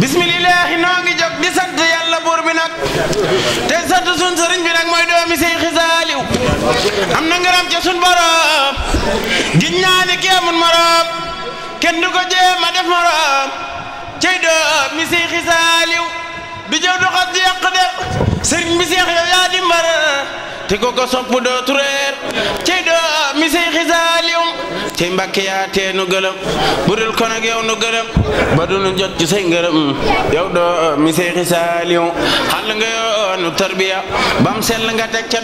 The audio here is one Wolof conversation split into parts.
bismillah noo ngi jóg di sant yàlla buur bi nag sun sëriñ bi nag mooy doomi sey xisaaliw am na ngaram ca sun borom giñ naa ne def morom cey doomi sey xisaaliw du jëw du xas di yàq de sëriñ yaa di mbar ko ko sopp doo tureer cey doomi sey xisaaliw te Mbàkke yaa tee nu gëlëm budul kon ak yow nu gëlëm ba nu jot ci say ngërëm doo mi Seexi Saaliw xàll nga yoonu euh, tarbiya bam sell nga teg ca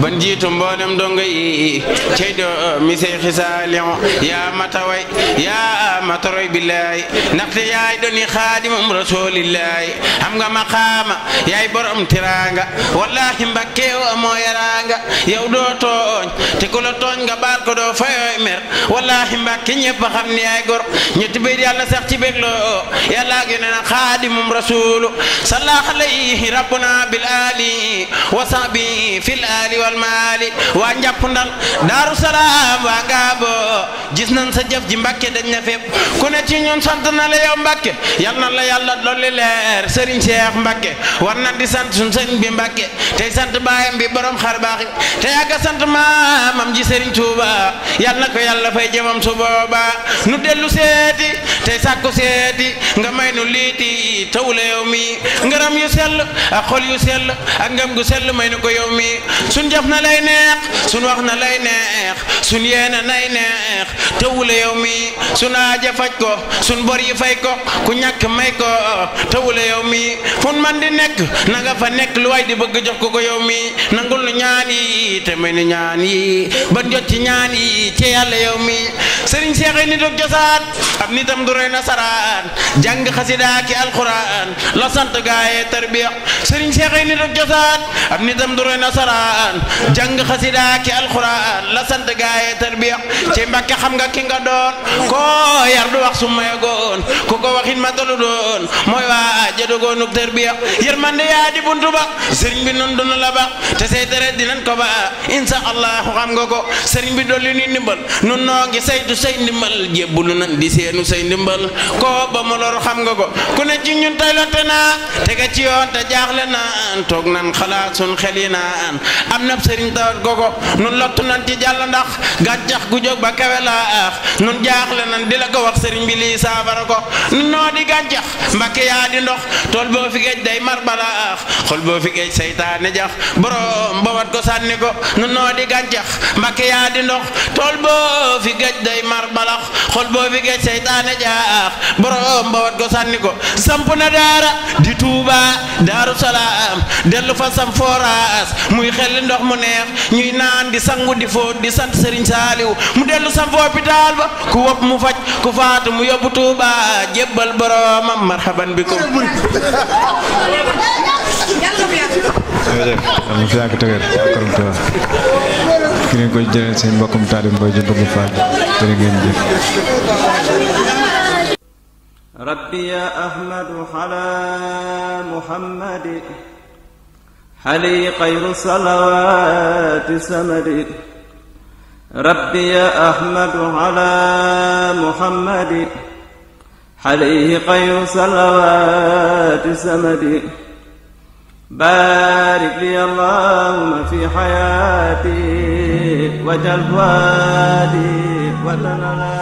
ban jiitu mboolem donga yi cey doo mi Seexi Saaliw yaa mataway yaa mataroy billaay ndaxte yaay doni xaadimum rasulillaay am nga maqaama yaay borom tiraanga wallahi Mbàkke yoo amoo yaraanga yow doo tooñ te ku tooñ nga baal doo fayoy mer wallaahi mbàkki ñëpp xam ni ay gor ñetti bayit yàlla sax ci bég loo yàlla ak yoneen a xaadimum rasulu sallah alayhi rabbuna bil ali wa sahbi fil ali wal mali waa njàpp ndal daaru salaam gis nañ sa jëf ji mbàkke dañ na fépp ku ne ci ñun sant na la yow mbàkke yal na la yàlla dolli leer sëriñ Cheikh mbàkke war na di sant suñ sëriñ bi mbàkke tey sant baayam bi borom xar baaxi te yàgga sant maamam ji sëriñ Touba yal na ko yàlla fay jëmam su booba nu dellu seeti tey sàkku seeti nga may nu liiti tawla yow mi ngaram yu sell ak xol yu sell ak ngam gu sell may nu ko yow mi sun jaf na lay neex sun wax na lay neex sun yeena nay neex tawla yow mi sun aaja faj ko sun bor yi fay ko ku ñàkk may ko tawla yow mi fun man di nekk na fa nekk lu waay di bëgg jox ko ko yow mi nangul nu ñaan yi te may nu ñaan yi ba jot ci ñaan yi ci yàlla yow mi sëriñ Seex ay nit ak cosaan ab nitam du rey nasaraan jàng xasida ki alxuraan sant gaaye tarbiya sëriñ Seex ay nit cosaan ab nitam du rey nasaraan jàng xasida ki alxuraan la sant gaaye tarbiya ci Mbàkke xam nga ki nga doon koo yar du wax su mayagoon ku ko waxit ma talu doon mooy waa jadogoonub tarbiya yërmande yaa di buntu ba sëriñ bi noonu duna la ba te say tere dinañ ko ba insa allahu xam nga ko sëriñ bi dolli ni ndimbal nun noo moytu say ndimbal jébbulu nan di seenu say ndimbal koo ba mu lor xam nga ko ku ne ci ñun tey lotte naa tege ci yoon te jaaxle naan toog nan xalaat sun xel naan am na sëriñ tawat gogo nun lottu nan ci jàll ndax gàncax gu jóg ba kawe laax nun jaaxle nan di la ko wax sëriñ bi lii saafara ko nun noo di gàncax mbakke yaa ndox tool boo fi géej day mar balaax xol boo fi géej seytaane jax borom ba wat ko sànni ko nun noo di gàncax mbakke ndox tool day mar balax xol boo fi géej seytaane jaax borom mbawat go sànni ko samp na daara di tuuba daaru dellu fa sam fooraas muy xel ndox mu neex ñuy naan di sangu di fóot di sant sëriñ saaliw mu dellu sam fa ba ku wopp mu faj ku faatu mu yóbbu tuuba jébbal boromam marhaban bikum jërëjëf ki leen koy jëlee seen mbokkum taalib Mboye Diop bu Fall jërë ngeen jëf ربي يا أحمد على محمد علي خير صلوات سمد ربي يا أحمد على محمد عليه خير صلوات سمد بارك لي اللهم في حياتي وجل وادي وتنالي